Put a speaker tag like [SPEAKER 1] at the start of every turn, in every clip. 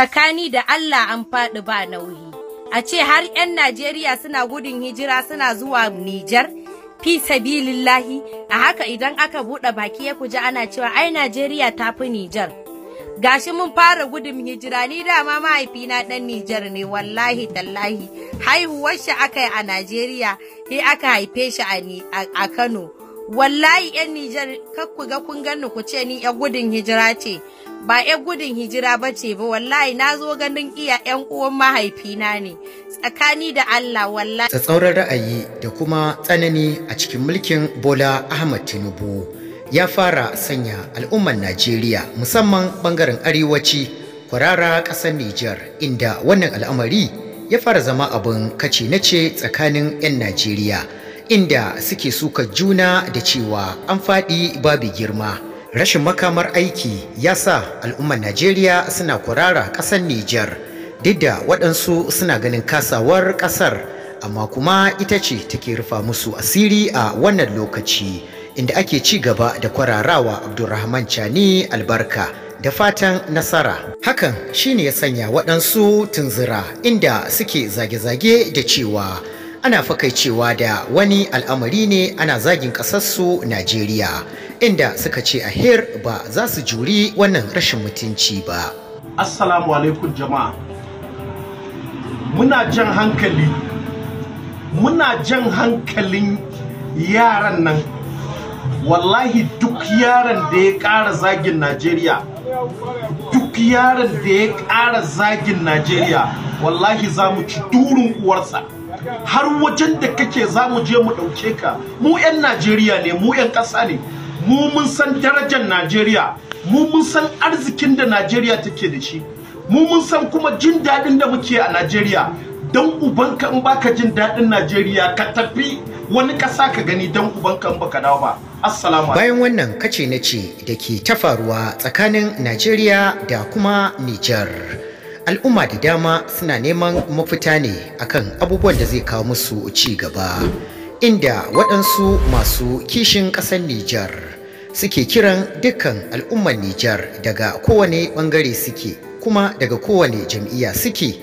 [SPEAKER 1] tsakani da Allah an faɗi ba nauyi. A ce har 'yan Najeriya suna gudun hijira suna zuwa Nijar, fi sabilillahi a haka idan aka buɗe baki ya kuji ana cewa ai Najeriya ta fi Nijar. Gashi mun fara gudun hijira ni dama mahaifina ɗan Nijar ne wallahi tallahi haihuwar shi aka yi a Najeriya ne aka haife shi a Kano. Wallahi 'yan Nijar kakku ga kun ganni ku ce ni 'yan gudun hijira ce. ba 'yan gudun hijira ba ce ba wallahi na zo ganin iya 'yan uwan mahaifina ne tsakani da Allah wallahi. Tsatsauran
[SPEAKER 2] ra'ayi da kuma tsanani a cikin mulkin Bola Ahmad Tinubu ya fara sanya al'ummar Najeriya musamman bangaren arewaci kwarara ƙasar Nijar inda wannan al'amari ya fara zama abin kace na ce tsakanin 'yan Najeriya inda suke suka juna da cewa an faɗi babu girma. rashin makamar aiki ya sa al'ummar najeriya suna kurara ƙasar nijar duk da waɗansu suna ganin kasawar ƙasar amma kuma ita ce take rufa musu asiri a wannan lokaci inda ake ci gaba da kwararawa abdulrahman chani albarka da fatan nasara hakan shine ya sanya waɗansu tunzura inda suke zage-zage da cewa ana fakaicewa da wani al'amari ne ana zagin ƙasarsu najeriya inda suka ce a her ba za su juri wannan rashin mutunci ba.
[SPEAKER 1] Assalamu alaikum jama'a. Muna jan hankali, muna jan hankalin yaran nan. Wallahi duk yaran da ya ƙara zagin Najeriya, duk yaran da ya ƙara zagin Najeriya, wallahi za mu ci durin uwarsa. har wajen da kake za mu je mu ɗauke ka mu 'yan najeriya ne mu 'yan ƙasa ne mu mun san darajar Najeriya mu mun san arzikin da Najeriya take da shi mu mun san kuma jin daɗin da muke a Najeriya dan ubanka in baka jin daɗin Najeriya ka tafi wani ƙasa ka gani dan ubanka in baka dawo ba assalamu bayan
[SPEAKER 2] wannan kace na ce da ke ta faruwa tsakanin Najeriya da kuma Niger al'umma da dama suna neman mafita ne akan abubuwan da zai kawo musu ci gaba inda waɗansu masu kishin ƙasar Nijar suke kiran dukkan al'ummar Nijar daga kowane ɓangare suke kuma daga kowane jam'iyya suke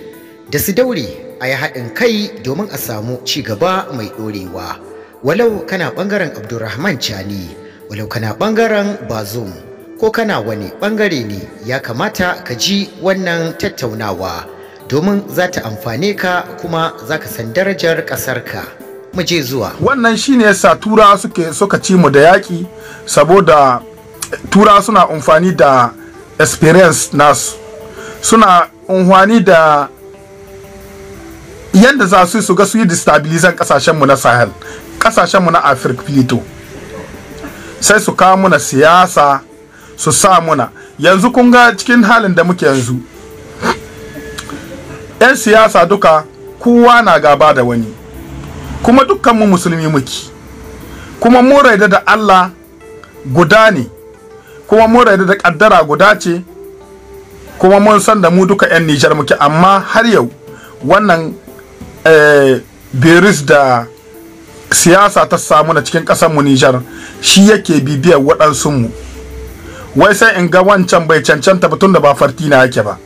[SPEAKER 2] da su daure a yi haɗin kai domin a samu ci gaba mai ɗorewa. Walau kana ɓangaren Abdurrahman Chani, walau kana ɓangaren Bazum, ko kana wani ɓangare ne ya kamata ka ji wannan tattaunawa domin za ta amfane ka kuma za ka san darajar ƙasarka.
[SPEAKER 1] muke zuwa wannan shine yasa tura suke suka ci mu da yaki saboda tura suna amfani da experience nasu suna amfani da yadda za su su ga su yi destabilizan kasashenmu na sahel kasashen kasashenmu na afirka plato sai su kawo muna siyasa su sa muna yanzu kun ga cikin halin da muke yanzu 'yan siyasa duka kowa na gaba da wani kuma dukkanmu musulmi muke kuma mu raida da Allah guda ne kuma mu raida da kaddara guda ce kuma mun san da mu duka 'yan Nijar muke amma har yau wannan eh, beris da siyasa ta samu na cikin mu Nijar shi yake bibiyar waɗansunmu wai sai in ga wancan bai cancanta tun da ba fartina yake ba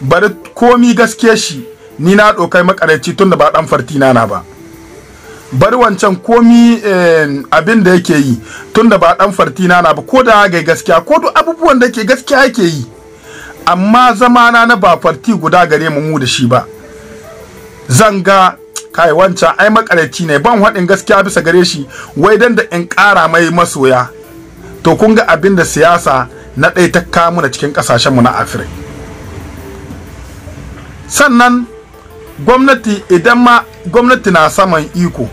[SPEAKER 1] bari komi gaskiya shi ni na ɗokai makaraici tun da ba ɗan fartina na ba bari wancan komi eh, abin da yake yi tun da ba ɗan fartina na ba ko da ga gaskiya ko duk abubuwan da ke gaskiya yake yi amma zamana na ba farti guda gare mu mu da shi ba zan ga kai wancan ai makaraici ne ban haɗin gaskiya bisa gare shi wai dan da in ƙara mai masoya to kun ga abin da siyasa na ɗai ta kamuna cikin cikin ƙasashenmu na afirka sannan gwamnati idan ma gwamnati na saman iko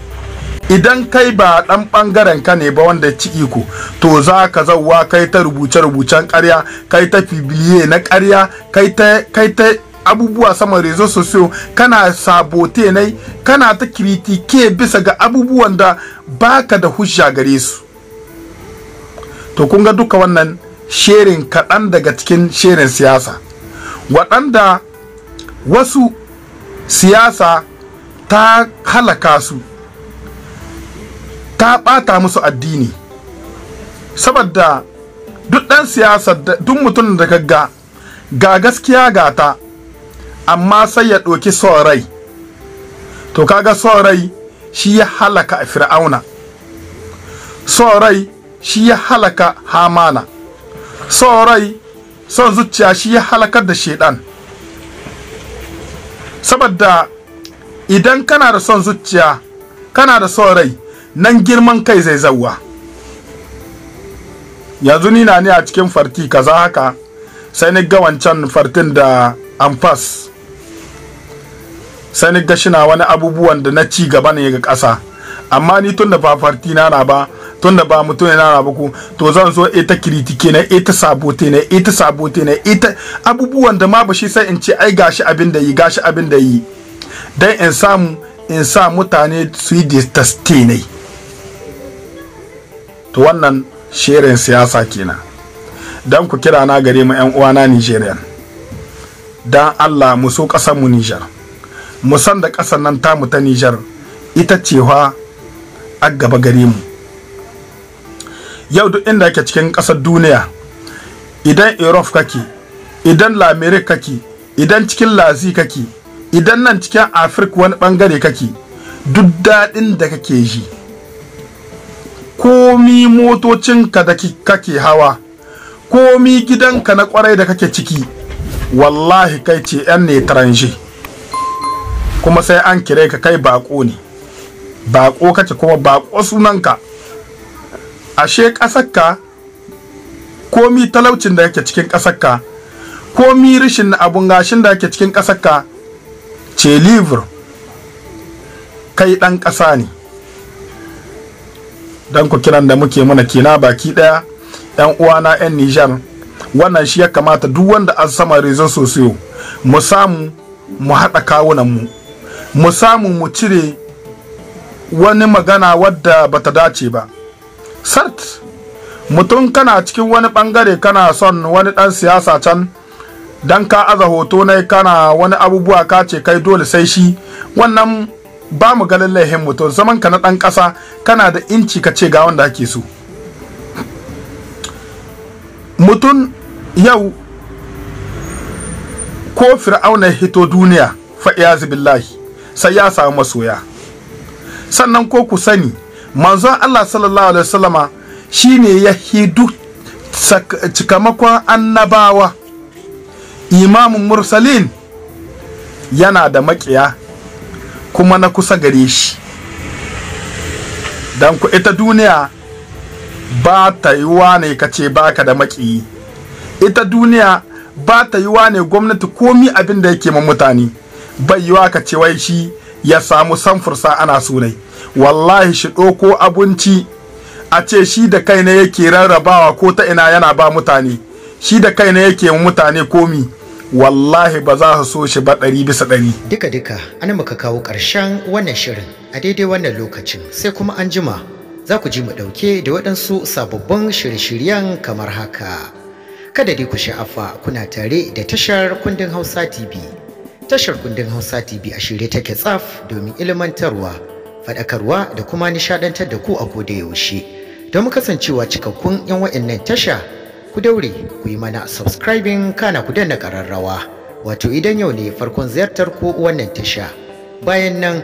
[SPEAKER 1] idan kai ba dan bangaren ka ne ba wanda ci iko to za ka zauwa kai ta rubuce rubucen karya kai ta fibiliye na karya kai ta kai ta abubuwa saman rezo sosiyo kana sabote nai kana ta kritike bisa ga abubuwan da baka da hujja gare su to kun ga duka wannan sherin kaɗan daga cikin sherin siyasa waɗanda wasu siyasa ta halaka su ta ɓata musu addini saboda duk ɗan siyasa duk mutum da ga ga gaskiya ga ta amma sai ya ɗoki son rai to kaga son rai shi ya halaka a fir'auna son rai shi ya halaka hamana son rai son zuciya shi ya halakar da shedan saboda idan kana da son zuciya kana da son rai nan girman kai zai zauwa yanzu ni na ne a cikin farti kaza haka sai ni ga wancan fartin da amfas sai ni ga shina wani abubuwan da na ci gaba ne ga ƙasa amma ni tun da ba farti na na ba tun da ba mutum yana rabu ku to zan so ita kiritike na ita sabote na ita sabote na ita abubuwan da ma ba shi sai in ce ai gashi abin da yi gashi abin da yi dan in samu in sa mutane su yi distaste ne to wannan shirin siyasa kenan dan ku kira na gare mu yan uwana nijeriya dan Allah mu so kasar mu Niger mu san da kasar nan ta mu ta Niger ita ce a gaba gare mu yau duk inda ke cikin ƙasar duniya idan europe kake idan lamirik kake idan cikin lazi kake idan nan cikin afirka wani bangare kake duk daɗin da kake ji komi ka da kake hawa komi gidanka na kwarai da kake ciki wallahi kai ce 'yan ne taranje kuma sai an kire ka kai bako ne bako kake kuma bako sunanka ashe ƙasarka komi talaucin da yake cikin ƙasarka komi rishin abun gashin da yake cikin ƙasarka ce livre kai ɗan ƙasa ne don ku kiran da muke mana kina baki ɗaya 'yan uwana 'yan nijar wannan shi ya kamata duk wanda an sama rezon sosiyo mu samu mu haɗa kawunanmu mu samu mu cire wani magana wadda bata dace ba sart mutum kana cikin wani bangare kana son wani dan siyasa can dan ka aza hoto ne kana wani abubuwa ka ce kai dole sai shi wannan ba mu ganin laihin mutum zaman ka na dan kasa kana da inci ka ce ga wanda ake so mutum yau ko fir'auna hito duniya fa billahi sai ya samu masoya sannan ko ku sani manzon Allah sallallahu alaihi wasallama shine ya hidu cikamakon annabawa imamun mursalin yana da makiya kuma na kusa gare shi don ku ita duniya ba ta yi ne ka ce baka da makiyi ita duniya ba ta yiwa ne gwamnati komi abin da yake ma mutane bai yiwa ka ce wai shi ya samu samfursa ana sunai wallahi shi ɗoko abinci a ce shi da kaina yake rarrabawa ko ta ina yana ba mutane shi da kai kaina yake mutane komi wallahi ba za su so shi ba ɗari bisa ɗari. Duka duka an muka kawo ƙarshen wannan
[SPEAKER 2] shirin a daidai wannan lokacin sai kuma an jima za ku ji mu ɗauke da waɗansu sababbin shirye-shiryen kamar haka. Kada dai ku sha'afa kuna tare da tashar kundin Hausa TV. Tashar kundin Hausa TV a shirye take tsaf domin ilmantarwa, faɗakarwa da kuma nishaɗantar da ku a koda yaushe. Don mu kasancewa cikakkun ƴan wa'annan tasha, ku daure ku yi mana subscribing kana ku danna ƙararrawa. Wato idan yau ne farkon ziyartar ku wannan tasha. Bayan nan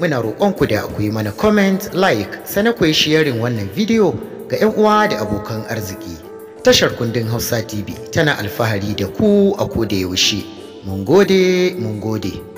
[SPEAKER 2] muna roƙonku da ku yi mana comment, like, sana ku yi sharing wannan bidiyo ga 'yan uwa da abokan arziki. Tashar kundin Hausa TV tana alfahari da ku a koda yaushe. mun gode mun gode